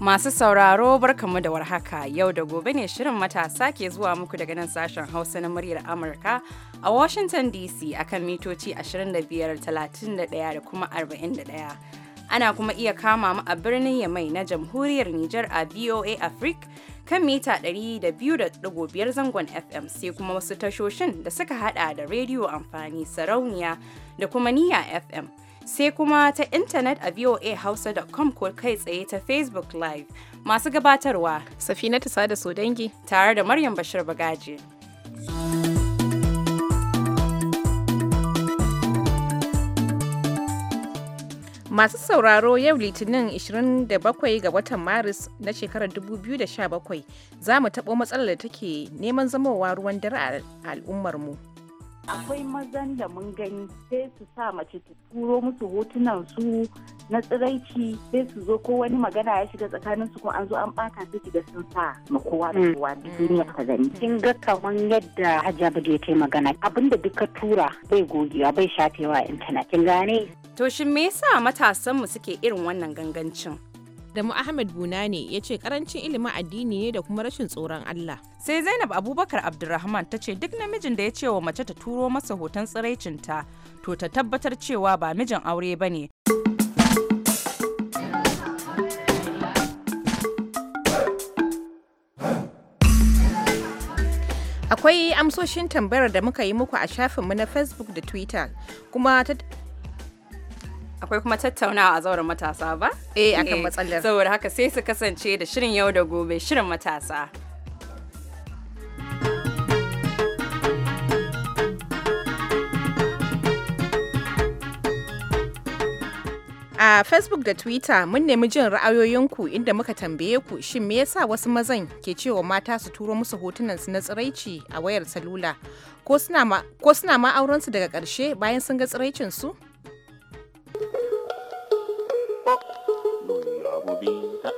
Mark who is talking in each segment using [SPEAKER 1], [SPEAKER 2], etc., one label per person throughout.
[SPEAKER 1] Masu sauraro barkamu da warhaka yau da gobe ne shirin matasa ke zuwa muku daga nan sashen Hausa na muryar Amurka a Washington DC akan mitoci 25, 31 da kuma 41. Ana kuma iya kama mu a birnin Yamai na Jamhuriyar Nijar a VOA Africa kan mita 200.5 zangon FM sai kuma wasu tashoshin da suka hada da rediyo amfani sarauniya da kuma niya FM. sai kuma ta intanet a voahausa.com ko kai tsaye ta facebook live masu gabatarwa safina ta sada sodangi tare da maryam bashir bagaji
[SPEAKER 2] masu sauraro yau litinin 27 ga watan maris na shekarar 2017 za mu taɓo matsalar da take neman zamowa ruwan dare a al'ummarmu. mu
[SPEAKER 3] akwai mazan da mun gani sai su sa mace ta turo musu hotunan su na tsiraici sai su zo ko wani magana ya shiga tsakanin su ko an zo an bata su shiga sun sa ma kowa da mm. kowa duniya
[SPEAKER 4] ta gani mm. kin ga kaman yadda Hajiya ya ta magana abinda duka tura bai gogewa bai shafewa intanet kin gane
[SPEAKER 1] to shin me yasa matasan mu suke irin wannan gangancin da mu Ahmed Bunane ya ce karancin ilimin addini ne da kuma rashin tsoron Allah. Sai Zainab Abubakar Abdulrahman ta ce duk namijin da ya ce wa mace ta turo masa hoton tsiraicinta to ta tabbatar cewa ba mijin aure ba ne.
[SPEAKER 2] Akwai amsoshin tambayar da muka yi muku a shafinmu na Facebook da Twitter kuma
[SPEAKER 1] akwai kuma tattaunawa a zauren matasa ba? eh akan matsalar saboda haka sai su kasance da shirin yau da gobe shirin matasa
[SPEAKER 2] a uh, facebook da twitter mun nemi jin ra'ayoyinku inda muka tambaye ku shin me yasa wasu mazan ke cewa mata su turo musu hotunan su na tsiraici a wayar salula ko suna ma su daga ƙarshe bayan sun ga tsiraicinsu? su
[SPEAKER 3] ta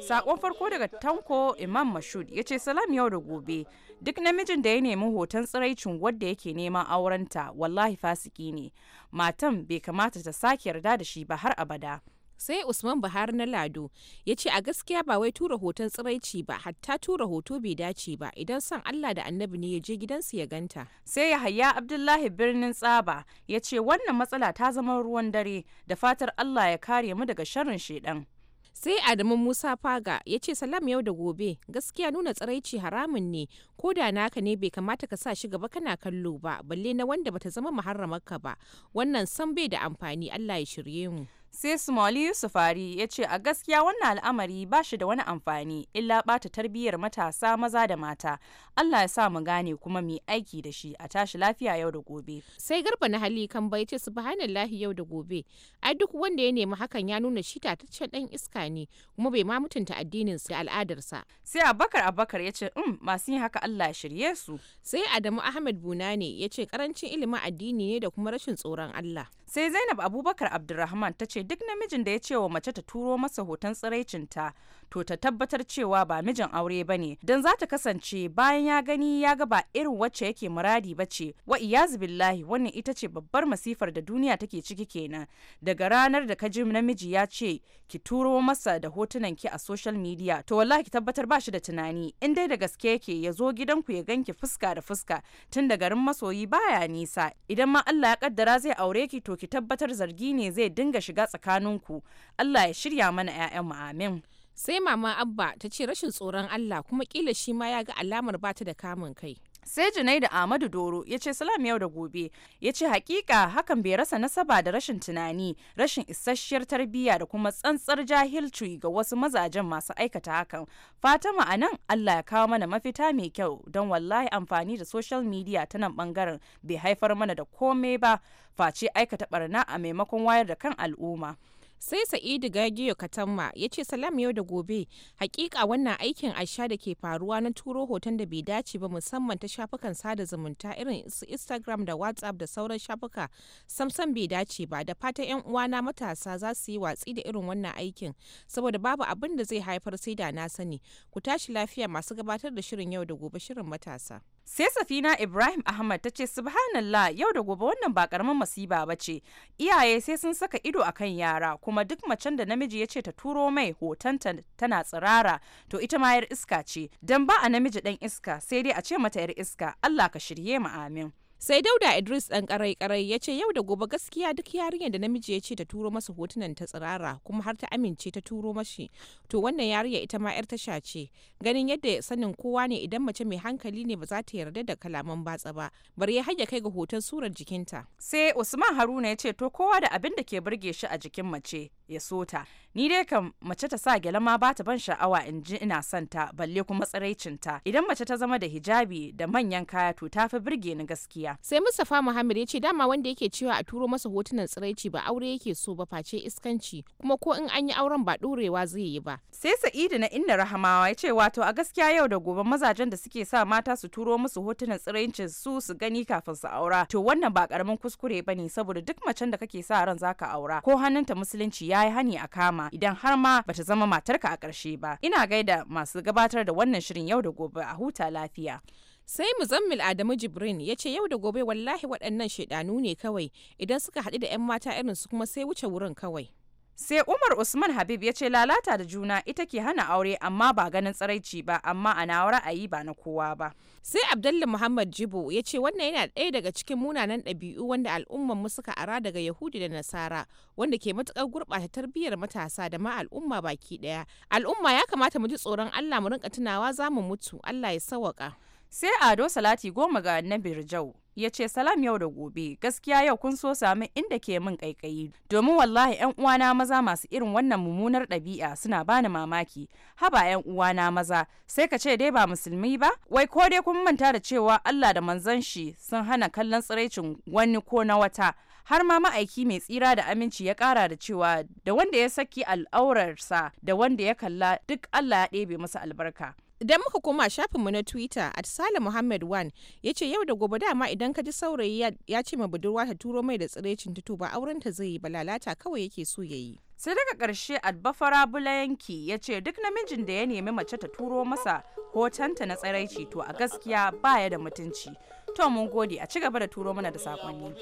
[SPEAKER 1] Sakon farko daga Tanko Imam Mashud ya ce salam yau da gobe duk namijin da ya nemi hoton tsiraicin wadda yake neman aurenta wallahi fasiki ne matan bai kamata ta sake yarda da shi ba har abada
[SPEAKER 2] sai usman buhari na lado ya ce a gaskiya ba wai tura hoton tsiraici ba hatta tura
[SPEAKER 1] hoto bai dace ba idan son allah da annabi ne ya je gidansu ya ganta sai ya haya abdullahi birnin tsaba ya ce wannan matsala ta zama ruwan dare da fatar allah ya kare mu daga sharrin shedan sai adamu musa faga ya ce salam yau da gobe gaskiya nuna
[SPEAKER 2] tsiraici haramun ne ko da naka ne bai kamata ka sa shi gaba kana kallo ba balle na wanda
[SPEAKER 1] bata zama muharramarka ba wannan san bai da amfani allah ya shirye mu sai Sumali Yusufari ya ce a gaskiya wannan al'amari ba shi da wani amfani illa bata tarbiyyar matasa maza da mata. Allah ya sa mu gane kuma mu aiki da shi a tashi lafiya yau da gobe. Sai garba na hali kan bai ce subhanallahi yau da gobe. Ai duk wanda ya nemi hakan ya
[SPEAKER 2] nuna shi tataccen dan iska ne kuma bai ma mutunta addinin sa al'adarsa. Sai Abakar Abakar
[SPEAKER 1] ya ce um masu yin haka Allah ya shirye su. Sai Adamu Ahmed Bunane ya ce karancin ilimin addini ne da kuma rashin tsoron Allah. Sai Zainab Abubakar Abdulrahman ta ce duk namijin da ya ce wa mace ta turo masa hoton tsiraicinta to ta tabbatar cewa ba mijin aure ba ne don za ta kasance bayan ya gani ya ga ba irin wacce yake muradi ba ce wa iyazu billahi wannan ita ce babbar masifar da duniya take ciki kenan daga ranar da ka namiji ya ce ki turo masa da hotunan ki a social media to wallahi ki tabbatar ba shi da tunani in dai da gaske yake ya zo gidanku ya ganki fuska da fuska tun da garin masoyi baya nisa idan ma Allah ya kaddara zai aure ki to ki tabbatar zargi ne zai dinga shiga tsakaninku Allah ya shirya mana 'ya'yan mu amin sai mama abba ta ce rashin tsoron allah kuma kila shi ma ya ga alamar bata da kamun kai sai Junaidu Ahmadu Doro ya ce salam yau da gobe ya ce hakika hakan bai rasa nasaba da rashin tunani rashin isasshiyar tarbiyya da kuma tsantsar jahilci ga wasu mazajen masu aikata hakan Fatima a nan Allah ya kawo mana mafita mai kyau don wallahi amfani da social media ta nan bangaren bai haifar mana da komai ba face aikata barna a maimakon wayar da kan al'umma sai sa'idu gagiyo katamma ya ce salam yau da gobe hakika wannan aikin aisha da ke faruwa
[SPEAKER 2] na turo hoton da bai dace ba musamman ta shafukan sada zumunta irin su instagram da whatsapp da sauran shafuka samsam bai dace ba da fata yan uwana matasa za su yi watsi da irin wannan aikin saboda babu abin da zai haifar sai da na sani ku tashi lafiya masu gabatar
[SPEAKER 1] da shirin yau da gobe shirin matasa sai safina ibrahim ahmad ta ce subhanallah yau da gobe wannan ba karamin masiba ba ce iyaye sai sun saka ido a kan yara kuma duk macen da namiji ya ce ta turo mai hotonta tana tsirara to ita ma yar iska ce dan ba a namiji ɗan iska sai dai a ce mata yar iska allah ka shirye mu amin sai dauda idris
[SPEAKER 2] dan karai karai ya ce yau da gobe gaskiya duk yarinyar da namiji ya ce ta turo masa hotunan ta tsirara kuma har ta amince ta turo mashi to wannan yarinya ita ma yar tasha ce ganin yadda sanin kowa ne idan mace mai hankali ne ba za ta yarda da kalaman batsa ba bari ya hanya kai ga hoton surar jikinta
[SPEAKER 1] sai usman haruna ya ce to kowa da abin da ke burge shi a jikin mace ya so ta ni dai kam mace ta sa gyale ma bata ban sha'awa in ji ina son ta balle kuma tsiraicin ta idan mace ta zama da hijabi da manyan kaya to ta fi birge ni gaskiya sai Mustapha Muhammad
[SPEAKER 2] ya ce dama wanda yake cewa a turo masa hotunan tsiraici ba aure yake so ba face iskanci kuma ko
[SPEAKER 1] in an yi auren ba ɗorewa zai yi ba sai Sa'idu na inna rahamawa ya ce wato a gaskiya yau da gobe mazajen da suke sa mata su turo musu hotunan tsiraicin su su gani kafin su aura to wannan ba karamin kuskure ne saboda duk macen da kake sa ran zaka aura ko hannunta musulunci ya ya yi hani a kama idan har ma bata zama matarka a ƙarshe ba. Ina gaida masu gabatar da wannan shirin yau da gobe a huta lafiya. sai muzammil adamu jibrin ya ce yau da gobe wallahi waɗannan shaidanu ne kawai idan suka haɗu da 'yan mata irin su kuma sai wuce wurin kawai sai umar usman habib ya ce lalata da juna ita ke hana aure amma ba ganin tsaraici ba amma a na ra'ayi ba na kowa ba sai abdullahi muhammad jibo ya ce wannan yana ɗaya daga cikin munanan
[SPEAKER 2] ɗabi'u wanda al'umman mu suka ara daga yahudi da nasara wanda ke matukar gurɓata tarbiyyar matasa da ma al'umma baki ɗaya al'umma ya kamata mu ji tsoron allah mu rinka tunawa za mu mutu
[SPEAKER 1] allah ya sawaka sai ado salati goma ga na birjau ya ce salam yau da gobe gaskiya yau kun so sami inda ke min kaikayi domin wallahi yan uwana maza masu irin wannan mummunar ɗabi'a suna bani mamaki haba yan uwana maza sai ka ce dai ba musulmi ba wai ko dai kun manta da cewa Allah da manzon shi sun hana kallon tsiraicin wani ko na wata har ma ma'aiki mai tsira da aminci ya kara da cewa da wanda ya saki al'aurarsa da wanda ya kalla duk Allah ya ɗebe masa albarka Idan muka koma
[SPEAKER 2] shafinmu na Twitter at Sale Muhammad Wan ya ce yau da gobe dama idan ka ji saurayi ya ce ma budurwa ta turo mai da tsirecin tutu ba auren ta zai yi ba lalata kawai yake so ya yi.
[SPEAKER 1] Sai daga ƙarshe Adbafara Bulayanki ya ce duk namijin da ya nemi mace ta turo masa hotonta na tsiraici to a gaskiya baya da mutunci. To mun gode a ci gaba da turo mana da saƙonni.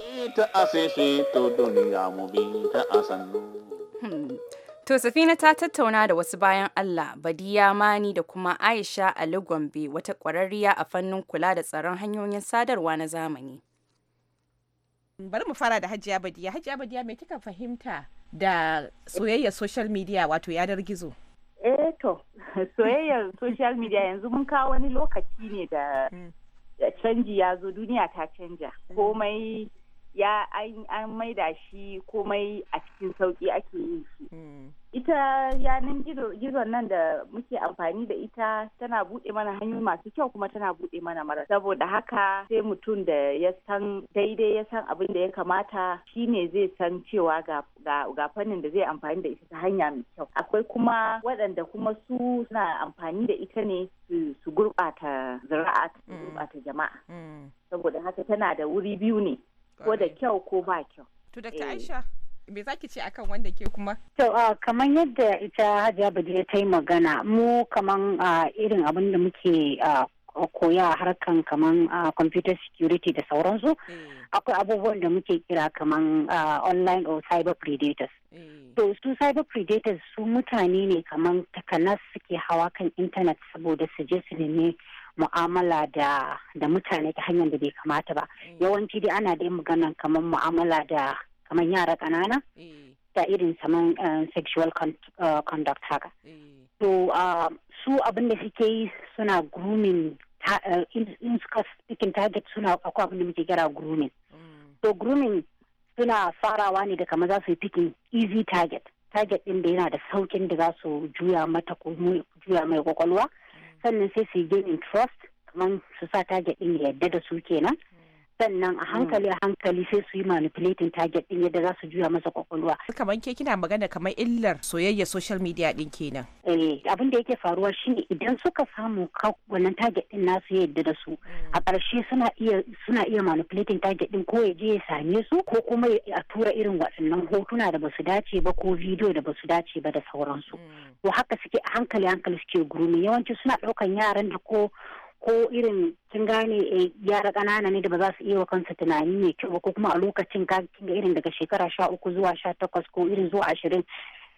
[SPEAKER 1] To Safina ta tattauna da wasu bayan Allah, Badiya Mani da kuma Aisha Ali Gombe wata ƙwararriya a fannin kula da tsaron hanyoyin sadarwa na zamani.
[SPEAKER 2] Bari mu fara da Hajiya Badiya. Hajiya Badiya me kika fahimta
[SPEAKER 1] da soyayyar
[SPEAKER 2] social media wato yanar gizo? Eh to, soyayyar social media yanzu mun kawo
[SPEAKER 3] wani lokaci ne da mm. canji ya zo duniya ta canja. Mm. Komai ya an maida shi komai a cikin sauki ake yi. shi hmm. ita yanan gizon nan da muke amfani da ita tana buɗe mana hanyu masu kyau kuma tana buɗe mana mara saboda haka sai mutum da ya san daidai ya san abin da ya kamata shine zai san cewa ga fannin da zai amfani da ita ta hanya mai kyau akwai kuma waɗanda kuma su suna amfani da ita ne su gurɓata zira'a su hmm. gurɓata jama'a hmm. saboda haka tana da wuri biyu ne
[SPEAKER 2] ko da kyau ko ba kyau to dr eh. aisha me zaki ce akan wanda ke kuma
[SPEAKER 4] to kamar yadda ita hajiya badiya ta yi magana mu kaman irin abin da muke koya a harkan kaman computer security da sauransu eh. akwai abubuwan da muke kira kaman online or cyber predators eh. to su cyber predators su mutane ne kaman takanas suke hawa kan intanet saboda su je su nemi mu'amala da da mutane ta hanyar da bai kamata ba mm. yawanci dai ana da maganan kamar mu'amala da kamar yara kanana mm. da irin saman eh, sexual eh, conduct haka mm. to ah, su abin da suke yi suna grooming eh, in suka cikin target suna akwai abin da muke kira grooming to grooming suna farawa ne da kamar za su yi picking easy target target din da yana da saukin da za su juya mata ko juya mai kwakwalwa sannan sai su yi gaining trust kamar su sa target ɗin yadda da su kenan sannan a hankali a hankali sai su yi manipulating target din yadda za su juya masa kwakwalwa.
[SPEAKER 2] kamar ke kina magana kamar illar soyayya social media din kenan.
[SPEAKER 4] eh abin da yake faruwa shine idan suka samu wannan target din nasu yadda da su a ƙarshe suna iya suna iya manipulating target din ko ya je ya same su ko kuma a tura irin waɗannan hotuna da basu dace ba ko bidiyo da basu dace ba da sauransu. Mm. to haka suke a hankali hankali suke gurumi yawanci suna ɗaukan yaran da ko ko irin kin gane eh, yara ƙanana ne da ba za su iya wa kansu tunani mai kyau ko kuma a lokacin ka ga irin daga shekara sha uku zuwa sha takwas ko irin zuwa ashirin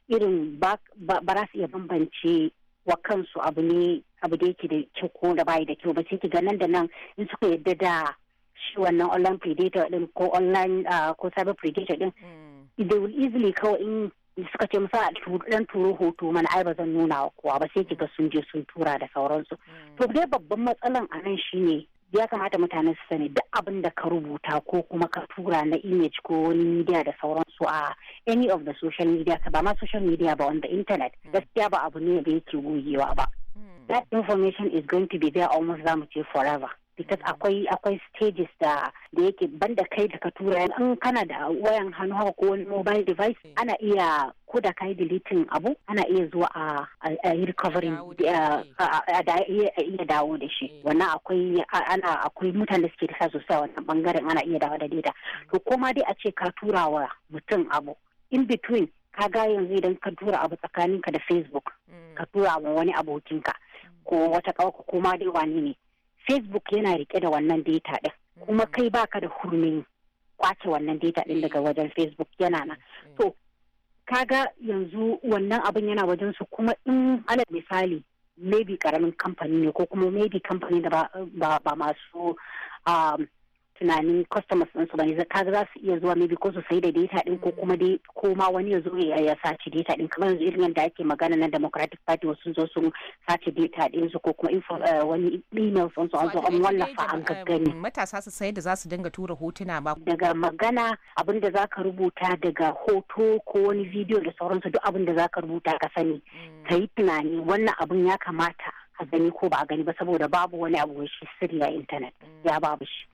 [SPEAKER 4] irin ba za su iya bambance wa kansu abu ne abu da yake da kyau ko da bayi da kyau ba sai ki ga nan da nan in suka yadda da shi wannan online predator din ko online ah, ko cyber predator din mm. they will easily kawai in suka ce musa dan turo hoto mana ai ba zan nuna wa kowa ba sai kiga sun je sun tura da sauransu mm. to dai babban matsalan a nan shine ya kamata mutane su sani duk abin da ka rubuta ko kuma ka tura na image ko wani media da sauransu a any of the social media ka ba ma social media ba on the internet mm. gaskiya ba abu ne da yake gogewa ba mm. that information is going to be there almost zamu ce forever because akwai akwai stages da da yake banda kai da ka tura in kana da wayan hannu haka ko wani mobile device eh. ana iya ko da kai deleting abu ana iya zuwa a a recovering da eh, iya dawo da shi eh. wannan akwai ana akwai mutane da suke da sa sosai wannan bangaren ana iya dawo da data mm. to koma dai a ce ka tura wa mutum abu in between ka ga yanzu idan ka tura abu tsakaninka da facebook mm. ka tura wa wani abokinka mm. ko wata kawaka ko ma dai wani ne facebook yana rike da wannan data din kuma kai baka da hurmin kwace wannan data din daga wajen facebook yana na mm. to kaga yanzu wannan abin yana wajen su kuma in alal misali maybe karamin kamfani ne ko kuma maybe kamfani da ba, ba masu um, tunanin customers din su bane kaga za su iya zuwa maybe ko su sai da data din ko kuma dai ko ma wani ya zo ya sace data din kamar yanzu irin yadda ake magana na Democratic Party wasu zo sun sace data din su ko kuma eh, wani email sun su an zo an wallafa an gaggani eh,
[SPEAKER 2] matasa su sai da za su dinga tura hotuna ba daga
[SPEAKER 4] magana abin da za ka rubuta daga hoto ko wani bidiyo da sauransu duk abin da za ka rubuta ka sani mm. kayi tunani wannan abin ya kamata a gani ko ba a gani ba saboda babu wani abu shi sirri a intanet mm. ya babu shi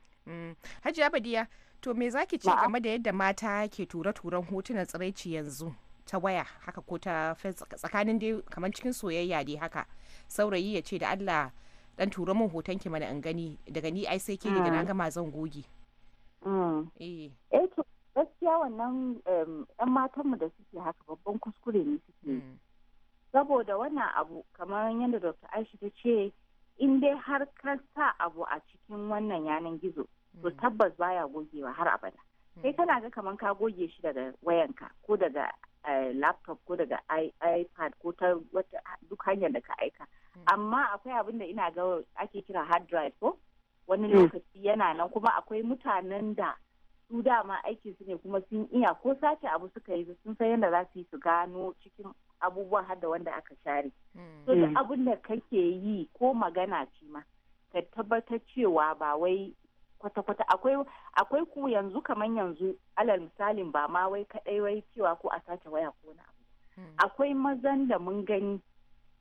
[SPEAKER 2] hajiya badiya to me zaki ce game da yadda mata ke tura-turan hotunan tsiraici yanzu ta waya haka ko ta tsakanin dai kamar cikin soyayya dai haka saurayi ya ce da allah dan tura min hoton ki mana in gani daga ni ai sai ke daga na mm. gama zan goge mm.
[SPEAKER 3] eh, eh gaskiya wannan yan matanmu da suke haka babban kuskure ne suke mm. saboda wannan abu kamar yadda dr aisha ta ce in dai har ka sa abu a cikin wannan yanan gizo to mm. tabbas baya gogewa har abada sai mm. kana ga kamar ka goge shi daga wayanka ko daga eh, laptop ko daga ipad ko ta duk hanyar da ka aika mm. amma akwai abin da ina ga ake kira hard drive ko wani lokaci yana nan kuma akwai mutanen da su dama aiki su ne kuma sun iya ko sace abu suka yi sun san yadda za su yi su gano cikin abubuwa har da wanda aka share so da abin da kake yi ko magana ce ma ka tabbatar cewa ba wai kwata-kwata akwai akwai ku yanzu kaman yanzu alal misalin ba ma wai kadai wai cewa ko a sace waya ko
[SPEAKER 5] na abu hmm.
[SPEAKER 3] akwai mazan da mun gani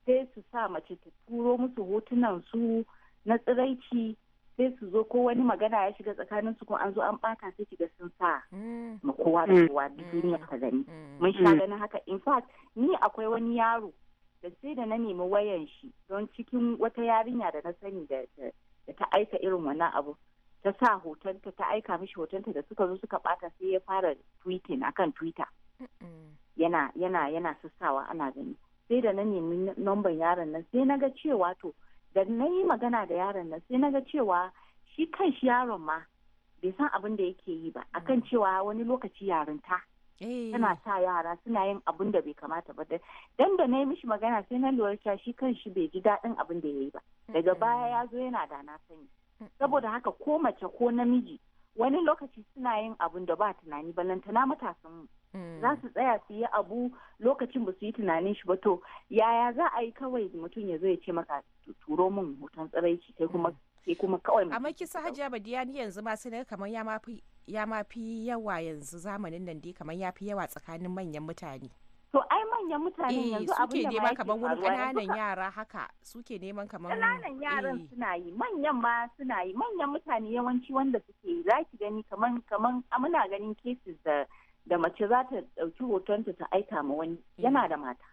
[SPEAKER 3] sai su sa mace ta turo musu hotunan su na tsiraici sai su zo ko wani magana ya shiga tsakanin su ko an zo an baka sai shiga sun sa hmm. ma kowa da hmm. kowa duniya ta gani mun sha ganin haka in fact ni akwai wani yaro da sai da na nemi wayan shi don cikin wata yarinya da na sani da ta aika irin wannan abu ta sa hotonta ta aika mishi hotonta da suka zo suka bata sai ya fara tweeting akan twitter yana yana yana sassawa ana gani sai da na nemi nomban yaron nan sai na cewa to da na yi magana da yaron nan sai na cewa shi kan shi yaron ma bai san abin da yake yi ba akan mm. cewa wani lokaci yarinta eh. tana sa yara suna yin abin da bai kamata ba dan da na yi mishi magana sai na lura shi kan shi bai ji daɗin abin da ya yi ba daga baya ya zo yana da na sani saboda haka ko mace ko namiji wani lokaci suna yin abun da ba tunani balantana matasan mu mm. za su tsaya su yi abu lokacin ba su yi tunanin shi ba to yaya za a yi kawai mutum ya zo ya ce maka turo min hoton tsiraici sai kuma sai
[SPEAKER 2] mm. kuma kawai amma kisa hajiya badiya ni yanzu ma sai kamar ya mafi ya mafi yawa yanzu zamanin nan dai kamar ya fi yawa tsakanin manyan mutane to ai manyan mutanen eh, yanzu abin da ma yake wurin kananan yara haka suke neman kaman kananan yaran eh.
[SPEAKER 3] suna yi manyan ma suna yi manyan mutane yawanci wanda suke yi zaki gani kaman kaman muna ganin cases da da mace za ta dauki hotonta ta aika ma wani yana eh. da mata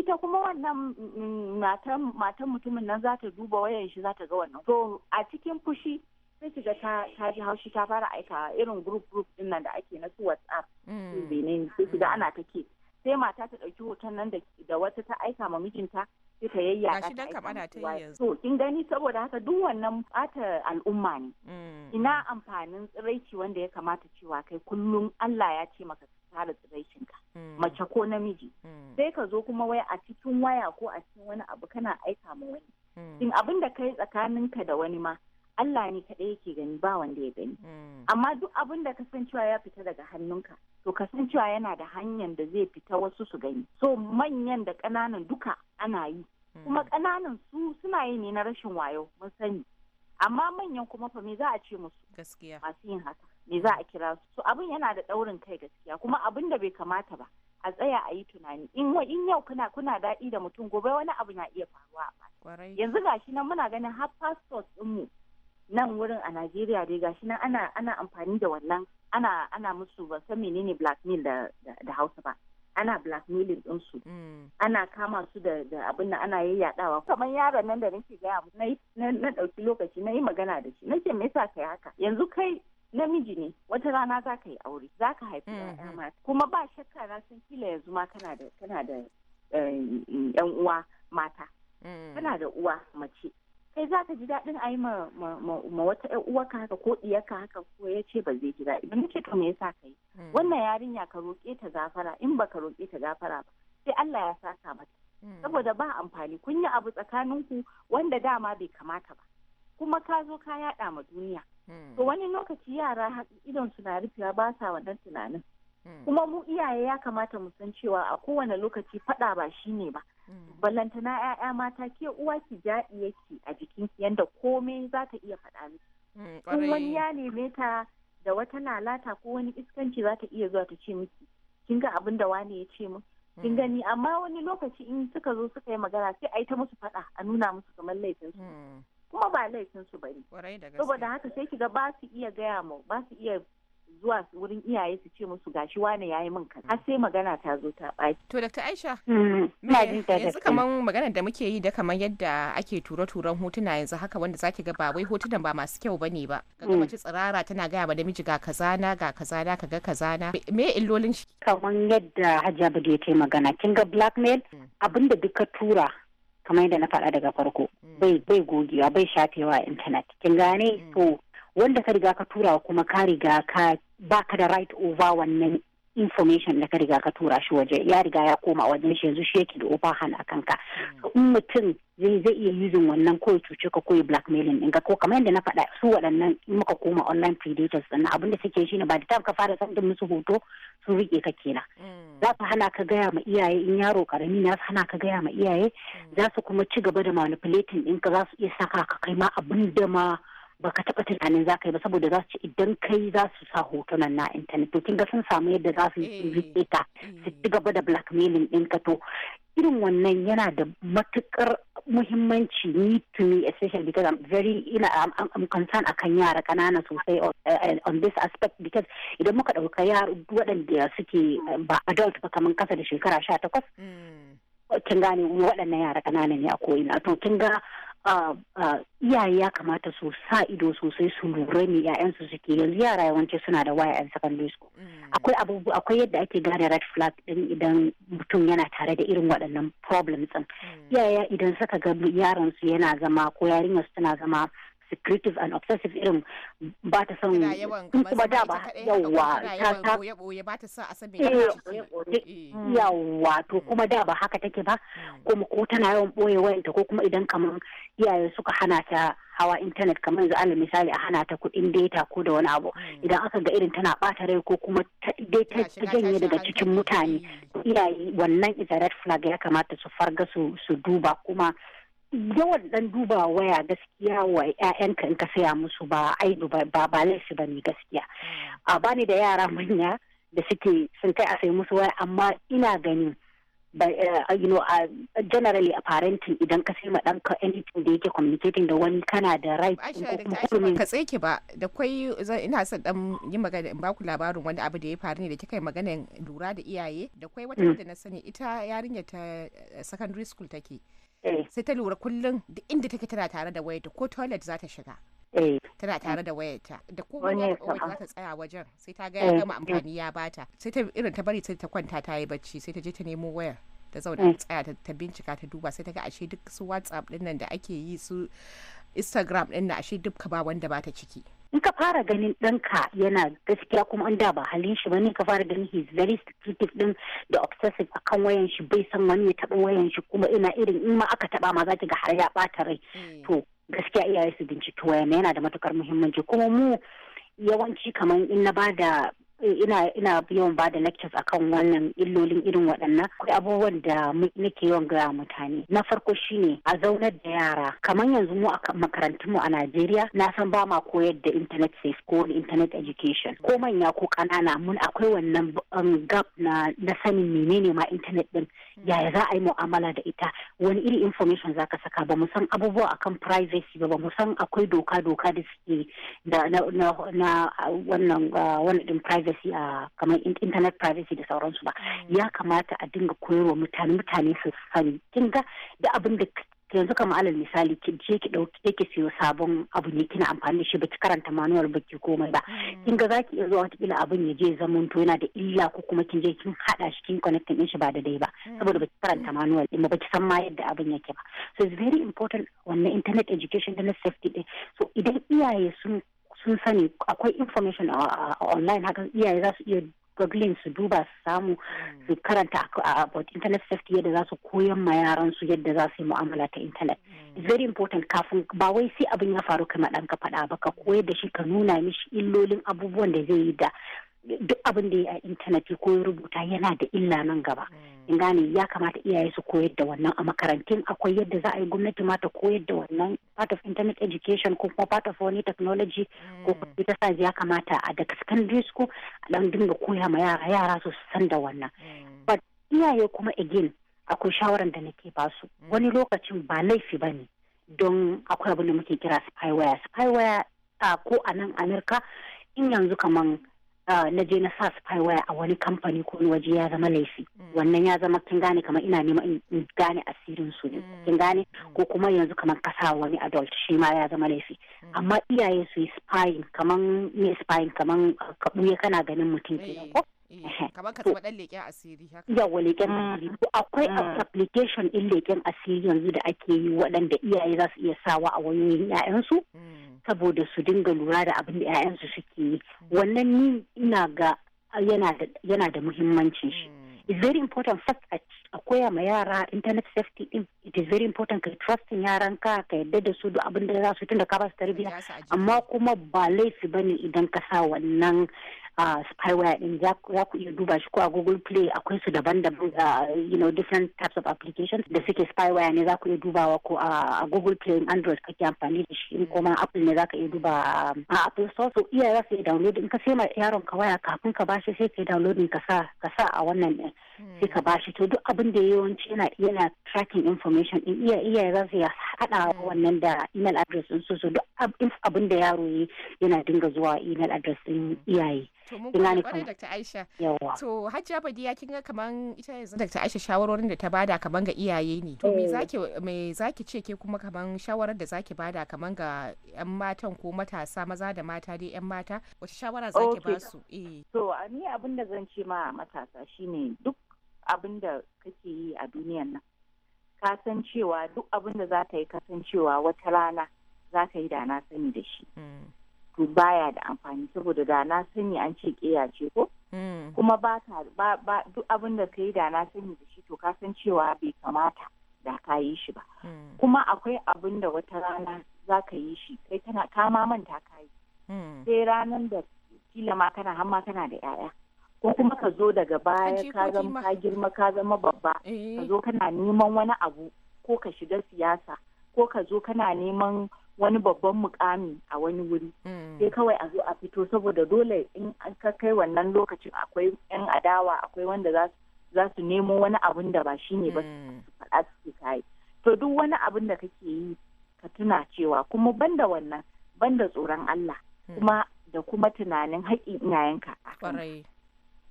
[SPEAKER 3] ita kuma wannan mm, mm, matan matan mutumin nan za ta duba wayan shi za ta ga wannan to a cikin fushi sai ki ga ta ji haushi ta fara aika irin group group din nan da ake na su WhatsApp mm. sai ki ga ana take sai mata ta ɗauki hoton nan da wata ta aika ma mijinta sai ta yayya ta dan kam ana ta to kin gani saboda haka duk wannan bata al'umma ne mm. ina amfanin tsiraici wanda ya kamata cewa kai kullum Allah ya ce maka ka tsiraicin ka mm. mace ko namiji mm. sai ka zo kuma wai a cikin waya ko a cikin wani abu kana aika ma wani in abin da kai tsakaninka da wani ma Allah ne kaɗai yake gani ba wanda ya gani. Hmm. Amma duk abin da kasancewa ya fita daga hannunka, to cewa yana da hanyar da zai fita wasu su gani. So manyan da ƙananan duka ana yi. Hmm. Kuma ƙananan su suna yi ne na rashin wayo mun sani. Amma manyan kuma fa me za a ce musu? Gaskiya. Masu yin haka. Me za a kira su? So abin yana da ɗaurin kai gaskiya kuma abin da bai kamata ba. a tsaya a yi tunani in in yau kuna kuna daɗi da mutum gobe wani abu na iya faruwa a yanzu gashi nan muna ganin har pastors mu nan wurin a Najeriya dai gashi nan ana ana amfani da wannan ana ana musu ba san menene blackmail da da Hausa ba ana blackmailing din su mm. ana kama su da da abin da ana yayyadawa kamar yaron nan da nake gaya mu na dauki lokaci na yi magana da shi nace me yasa kai haka yanzu kai namiji ne wata rana za ka yi aure za ka haifi yaya mm, mm. mata kuma ba shakka na san kila yanzu ma kana da kana da yan eh, uwa mata kana da uwa mace kai za ka ji daɗin a yi ma wata ƴan uwarka haka ko ɗiyarka haka ko ya ce ba zai ji daɗi ba nace to me yasa ka yi hmm. wannan yarinya ka roƙe ta gafara in ba ka roƙe ta gafara ba sai Allah ya saka mata hmm. saboda ba amfani kun yi abu tsakaninku wanda dama bai kamata ba kuma ka zo ka yaɗa ma duniya
[SPEAKER 5] hmm. to wani
[SPEAKER 3] lokaci yara idon suna rufewa ba sa wannan tunanin Mm. kuma mu iyaye ya kamata mu san cewa a kowane lokaci fada ba shine ba mm. ballantana 'ya'ya mata ke uwa ki jaɗi yake a jikinki yanda komai za ta iya faɗa miki
[SPEAKER 5] mm, in wani
[SPEAKER 3] ya neme ta da wata lalata ko wani iskanci za ta iya zuwa ta ce miki kin ga abin da wane ya ce min kin gani amma wani lokaci in suka zo suka yi magana sai a yi ta musu fada a nuna musu kamar laifin su kuma ba laifin su bane saboda haka sai kiga ba su iya gaya mu ba su iya zuwa wurin iyaye su ce musu gashi wane yayi min kaza har sai magana ta zo ta baki to Dr. Aisha
[SPEAKER 2] mm, Ina yanzu kaman maganar da muke yi da kaman yadda ake tura turan hotuna yanzu haka wanda zaki ga ba wai hotunan ba masu kyau bane ba kaga mace mm. tsirara tana gaya da miji ga kazana ga
[SPEAKER 4] kazana kaga kaza na me illolin shi kaman yadda Hajiya Bade ta magana kin ga blackmail mm. abinda duka tura kamar yadda na faɗa daga farko bai bai gogewa bai shafewa a intanet kin gane to wanda ka riga ka tura kuma ka riga ka baka da right over wannan information da ka riga ka tura shi waje ya riga ya koma wajen shi yanzu shi yake da hand a kanka in mutum zai zai iya using wannan ko cuce ka ko blackmailing ɗinka ko kamar yadda na faɗa su waɗannan muka koma online predators ɗin abin da suke shi ne ba da time ka fara sanda musu hoto sun riƙe ka kenan mm. za su hana ka gaya ma iyaye in yaro karami na su hana ka gaya ma iyaye mm. za su kuma ci gaba da manipulating ɗinka za su iya saka ka kai ma abin da ma baka taɓa tunanin za ka yi ba saboda za su ci idan kai za su sa hotunan na intanet to kin sun samu yadda za su yi eh. ta su mm. ci gaba da blackmailing ka to irin wannan yana da matukar muhimmanci ni to me especially because I'm very ina I'm, concerned akan yara kanana sosai on, uh, on this aspect because idan muka dauka yara waɗanda suke eh, ba adult ba kaman kasa da shekara 18
[SPEAKER 5] mm.
[SPEAKER 4] kin gane waɗannan yara kanana ne a ko'ina to kin ga iyaye ya kamata su sa ido sosai su lura ne yayansu suke yanzu yara yawanci suna da waya a secondary school mm. akwai abubu akwai yadda ake gane red flag din idan mutum yana tare da irin waɗannan problems din mm. iyaye idan suka ga yaron su yana zama ko yarinyar su tana zama secretive and obsessive irin ba ta son kuma da ba yawa ta ta eh,
[SPEAKER 2] ba eh. mm.
[SPEAKER 4] to mm. kuma da ba haka take ba mm. kuma ko tana yawan boye wayanta ko kuma idan kaman iyaye suka hana ta hawa intanet kamar yanzu alal misali a hana ta kuɗin data ko da wani abu idan aka ga irin tana bata rai ko kuma data ta janye daga cikin mutane iyaye wannan is a red flag ya kamata su farga su duba kuma yawan dan duba waya gaskiya wa ƴaƴanka in ka saya musu ba ai ba ba laifi ba ne gaskiya a bani da yara manya da suke sun kai a sai musu waya amma ina ganin eh, you know generally a parenting idan ka sai ma ka anything da yake communicating da wani
[SPEAKER 2] kana da right ka tsake ba da kwai ina son dan yi magana in baku labarin wani abu da ya faru ne da kika yi magana lura da iyaye da kwai wata mm. da na sani ita yarinya ta eh, secondary school take Eh. sai ta lura kullum duk inda take tana tare da wayarta ko toilet za ta shiga eh. tana tare da wayarta da kuma wani za ta tsaya wajen sai ta ga ya eh, gama amfani ya bata sai ta irin ta bari sai ta kwanta ta yi bacci sai ta je ta nemo wayar ta zauna tsaya ta bincika ta duba sai ta ga ashe duk su whatsapp din da ake yi su instagram
[SPEAKER 4] din ashe duk ba wanda bata ciki in ka fara ganin ɗanka yana gaskiya kuma in da ba halin shi bane ka fara ganin his very secretive din da obsessive akan wayan shi bai san wani ya taɓa wayan shi kuma ina irin in ma aka taɓa ma za ki ga har ya ɓata rai mm. to gaskiya iyaye su binciki wayan yana da matukar muhimmanci kuma mu yawanci kamar in na ba Eh, ina ina yawan ba da lectures akan wannan illolin irin waɗannan akwai abubuwan da nake yawan gaya mutane na farko shine a zaunar da yara kamar yanzu mu a makarantun mu a Najeriya na san ba ma koyar da internet safe ko internet education ko manya ko kanana mun akwai wannan um, gap na na sanin menene ma internet din yaya za a yi mu'amala da ita wani iri information zaka saka ba mu san abubuwa akan privacy ba ba mu san akwai doka doka da suke na na wannan uh, wannan din privacy privacy a uh, kamar internet privacy da sauransu ba mm. ya kamata a dinga koyarwa mutane mutane su sani kin ga da abin da yanzu kamar alal misali ki je ki dauki yake siyo sabon abu ne kina amfani da shi baki karanta manuwar baki komai ba mm. kin ga zaki iya zuwa wata abin ya je zaman to yana da illa ko kuma kin je kin hada shi kin connecting din shi ba da dai ba mm. saboda baki karanta manuwar din ba baki san ma yadda abin yake ba so it's very important wannan internet education da na safety din so idan iyaye sun sun sani akwai information online haka iyaye za su iya googling su duba su samu hmm. su karanta about internet safety yadda za su koyan ma yaran su yadda za su yi mu'amala ta internet hmm. it's very important kafin ba wai sai abin ya faru kamar ɗan ka faɗa ba ka koyar da shi ka nuna mishi illolin abubuwan da zai yi da duk abin da ya a intanet ko ya rubuta yana da illa nan gaba in gane ya kamata iyaye su koyar da wannan a makarantun akwai yadda za a yi gwamnati ma ta koyar da wannan part of internet education ko kuma part of wani technology ko computer mm. science ya kamata a daga secondary school a dan dinga koya ma yara yara su san da wannan mm. but iyaye kuma again akwai shawaran da nake ba su mm. wani lokacin ba laifi ba ne don akwai abin da muke kira spyware spyware ko a nan amurka in yanzu kaman Ah, na je na sa spyware a wani kamfani ko waje ya zama laifi wannan ya zama kin gane kamar ina nema in gane asirin su ne mm. kin gane ko kuma yanzu kamar kasa wani adult shi ma ya zama laifi mm. amma iyaye su yi spying kamar me spying kamar ah, ka buye kana ganin mutum eh, ke ko eh, kamar ka taɓa
[SPEAKER 2] ɗan asiri haka yawa mm.
[SPEAKER 4] asiri akwai ah. application ɗin leƙen asiri yanzu da ake yi waɗanda iyaye za su iya sawa a wayoyin 'ya'yansu saboda su dinga lura da abin da 'ya'yansu suke yi wannan ni ina ga yana da muhimmanci shi hmm. it's very important first a koya ma yara internet safety din it is very important ka trustin yaran ka ka yadda da su abin da za su tunda ka ba su tarbiyya amma kuma ba laifi bane idan ka sa wannan spyware din za ku iya duba shi ko a google play akwai su daban-daban you know different types of applications da suke spyware ne za ku iya dubawa ko a google play in android kake amfani da shi in kuma apple ne za ka iya duba a apple store so iya za su iya download in ka sai ma yaron ka waya kafin ka bashi sai ka downloading ka sa ka sa a wannan din sai ka bashi to duk abin da yawanci yana yana tracking information in iya iya za su iya haɗa wannan da email address din su duk abin da yaro yi yana dinga zuwa email address din iyaye to mun gode kwarai
[SPEAKER 2] Dr. Aisha to Hajiya Badiya kin ga kaman ita yanzu Dr.
[SPEAKER 4] Aisha shawarorin da ta bada
[SPEAKER 2] kaman ga iyaye ne to me eh. zaki me zaki ce ke kuma kaman shawarar da zaki bada kaman ga yan matan ko matasa maza da mata dai yan mata wace shawara zaki ba su eh
[SPEAKER 3] to ni abin da zan ce ma matasa shine duk abin da kake yi a duniyan nan ka san cewa duk abin da za ta yi kasancewa wata rana za ta yi da na sani da shi mm. to baya da amfani saboda da na sani an ce ƙeya ce ko
[SPEAKER 5] mm. kuma
[SPEAKER 3] ba ta duk abin da ka yi da na sani da shi to ka cewa bai kamata da ka yi shi ba mm. kuma akwai abin da wata rana za ka yi shi kai tana ka manta ka yi sai ranar da kila ma kana har ma kana da 'ya'ya ko kuma ka zo daga baya ka zama ka girma ka zama babba ka eh. zo kana neman wani abu ko ka shiga siyasa ko ka zo kana neman wani babban mukami a wani wuri mm. sai kawai a zo a fito saboda dole in an kai wannan lokacin akwai yan adawa akwai wanda za su nemo wani abun da ba shine ba su mm. faɗa su kai to duk wani abun da kake yi ka tuna cewa kuma banda wannan banda tsoron Allah mm. kuma da kuma tunanin haƙƙin ka.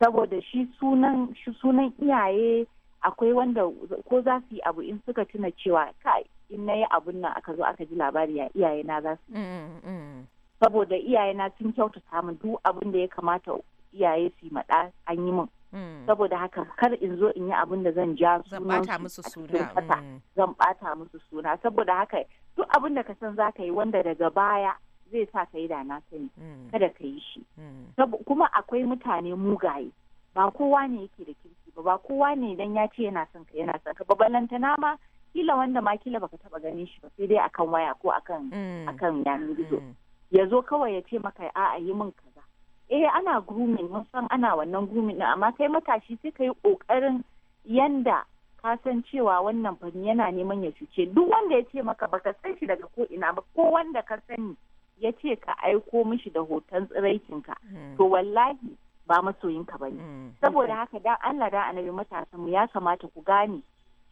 [SPEAKER 3] saboda shi sunan shi sunan iyaye akwai wanda ko za su yi abu in suka tuna cewa kai in na yi abun nan aka zo aka ji labari ya iyaye na za su
[SPEAKER 5] mm, mm, mm.
[SPEAKER 3] saboda iyaye na sun kyautata min duk abin da ya kamata iyaye su yi maɗa an yi min saboda haka kar in zo in yi abin da zan ja sunan zan bata musu suna saboda haka duk abin da ka san za ka yi wanda daga baya zai sa ka yi da na sani mm. kada ka yi shi mm. kuma akwai mutane mugaye ba kowa ne yake da kirki ba ba kowa ne idan ya ce yana son ka yana son ka ba ma kila wanda ma kila baka taba ganin shi ba sai dai akan waya ko akan mm. akan yanar gizo ya zo kawai ya ce maka a'a yi min kaza eh ana grooming mun san ana wannan grooming din amma kai matashi sai ka kokarin yanda ka san cewa wannan fani yana neman ya cuce duk wanda ya ce maka baka san shi daga ko ina ba ko wanda ka sani ya ce ka aiko mishi da hoton tsiraikinka hmm. to wallahi ba masoyinka ba ne hmm, saboda haka dan Allah da annabi mu ya kamata ku gane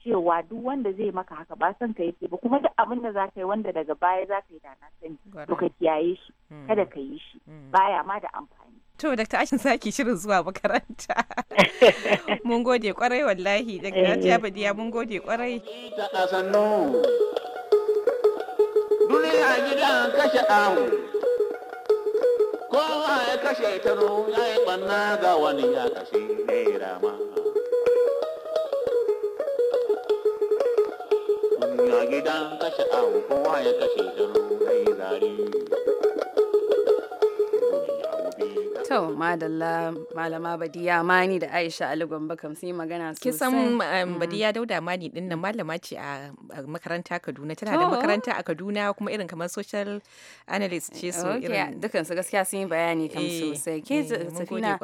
[SPEAKER 3] cewa duk wanda zai maka haka ba son ka yake ba kuma duk abin da zaka yi wanda daga baya zaka yi da na
[SPEAKER 2] sani to ka kiyaye shi hmm. kada ka yi shi baya ma da amfani To, Dr. Ashin saki shirin zuwa makaranta. Mun gode kwarai wallahi, Dr. Eh. Jabadiya mun gode kwarai.
[SPEAKER 5] a gidan
[SPEAKER 3] kashe ahu kowa ya kashe ta ya yi banna ga wani ya kashe ne rama
[SPEAKER 5] duniya gidan kashe ahu kowa ya kashe ta ya yi zari
[SPEAKER 1] To, madalla malama Badiya Mani da Aisha Ali Gombe kam sun yi magana sosai. Kisan um, mm. Badiya Dauda
[SPEAKER 2] Mani din nan malama ce a makaranta Kaduna. Tana da makaranta a Kaduna kuma irin kamar social
[SPEAKER 1] analyst ce su irin. Dukan su gaskiya sun yi bayani kam eh, sosai. Ke eh, Safina.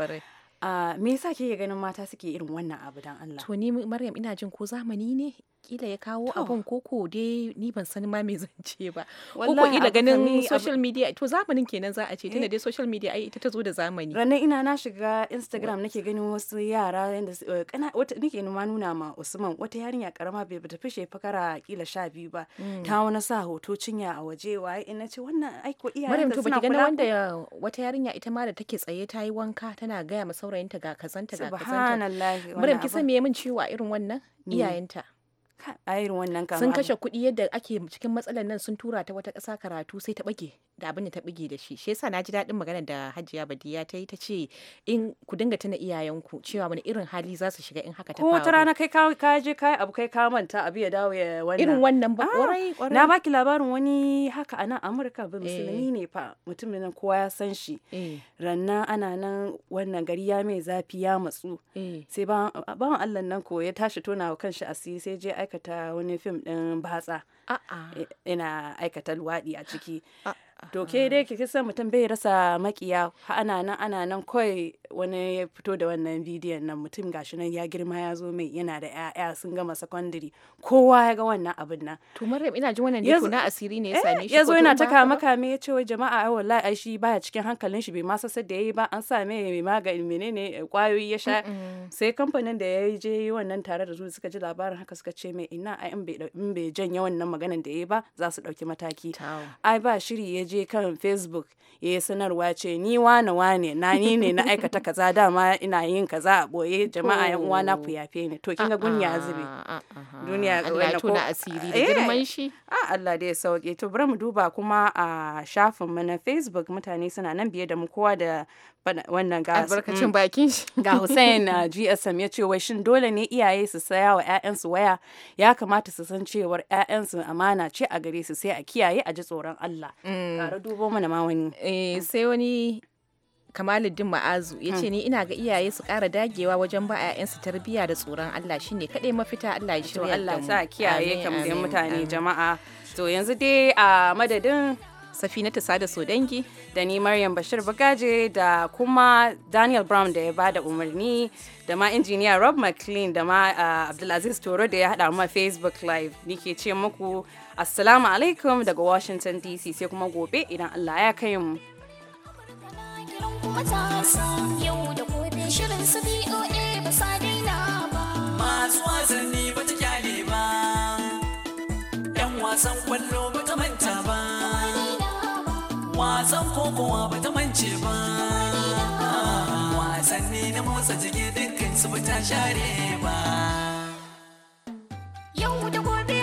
[SPEAKER 1] Ah, me yasa ke ganin mata suke irin wannan abu dan Allah? To ni Maryam ina jin ko zamani
[SPEAKER 2] ne kila ya kawo abun koko dai ni ban sani ma mai zance ba koko kila ganin social media to zamanin kenan za a ce tunda eh. dai social media ai ita ta zo da zamani ranan
[SPEAKER 1] ina na shiga instagram nake ganin wasu yara yanda eh, kana wata nake ma nuna ma usman wata yarinya karama bai bata fishe fakara kila sha biyu ba mm. ta wani sa hoto cinya a waje wai ina ce wannan aiko iyaye ta suna kula wanda
[SPEAKER 2] wata yarinya ita ma da take tsaye ta yi wanka tana gaya ma saurayinta ga kazanta ga kazanta subhanallahi Maryam kisa me min ciwo a irin wannan iyayenta a irin wannan kama sun kashe kuɗi yadda ake cikin matsalar nan sun tura ta wata ƙasa karatu sai ta bage da abin da ta bige da shi shi yasa na ji daɗin magana da Hajiya Badiya ta yi ta ce in ku dinga tuna iyayenku cewa wani irin hali za su shiga in haka ta faru ko wata rana
[SPEAKER 1] kai ka ka je kai abu kai ka manta abu ya dawo ya wannan irin wannan ba kwarai ah, kwarai na baki labarin wani haka a nan Amurka ba musulmi eh. ne fa mutumin nan kowa ya san shi eh. ranna ana nan wannan gari ya mai zafi ya matsu eh. sai ba Allah nan ko ya tashi tona wa kanshi asiri sai je aikata wani fim ɗin batsa e, ina aikata luwaɗi a ciki to dai ki san mutum bai rasa makiya ana nan ana nan kawai wani ya fito da wannan bidiyon nan mutum gashi nan ya girma ya zo mai yana da ya'ya sun gama secondary kowa ya ga wannan abin nan to maryam ina ji wannan ne kuna na asiri ne ya eh, same shi yazo yana ta maka kame ya ce wai jama'a ai wallahi ai shi baya cikin hankalin shi bai ma sasar da yayi ba an same mai magani menene kwayoyi ya sha sai kamfanin da ya je yi wannan tare da su suka ji labarin haka suka ce mai ina ai in bai janye wannan maganan da yayi ba za su dauki mataki ai ba shiri ya je je kan facebook ya yi sanarwa ce ni wane wane na ni ne na aikata kaza dama ina yin kaza a boye jama'a yan uwa na fuyafe yafe to kinga gun ya zube ah, ah, ah,
[SPEAKER 5] duniya wannan ko asiri da eh. girman
[SPEAKER 1] shi a Allah dai sauke to bari mu duba kuma a shafin mu na facebook mutane suna nan biye da mu kowa da wannan ga albarkacin mm, bakin shi ga Hussein uh, GSM ya ce wai shin dole ne iyaye su saya wa su waya ya kamata su san cewar su amana ce a gare su sai a kiyaye a ji tsoron Allah mm. Eh. ƙara dubo mana ma wani eh mm. sai wani kamaluddin ma'azu ya ce mm. ni
[SPEAKER 2] ina ga iyaye su kara dagewa wajen ba a yansu tarbiya da tsoron allah shine kaɗai mafita allah ya shirya allah sa kiyaye kamar mutane
[SPEAKER 1] jama'a to yanzu dai a madadin ta sada dangi da ni maryam bashir bagaje da kuma daniel brown da ya ba da umarni da ma injiniya rob mclean da ma uh, abdulaziz toro da ya haɗa ma facebook live ni ke ce muku assalamu alaikum daga washington dc sai kuma gobe idan allah ya kai mu da 'yan wasan kwallo wasan koko ba ta mance ba wasanni na motsa jiki dukkan su ba ta share ba
[SPEAKER 5] yau da gobe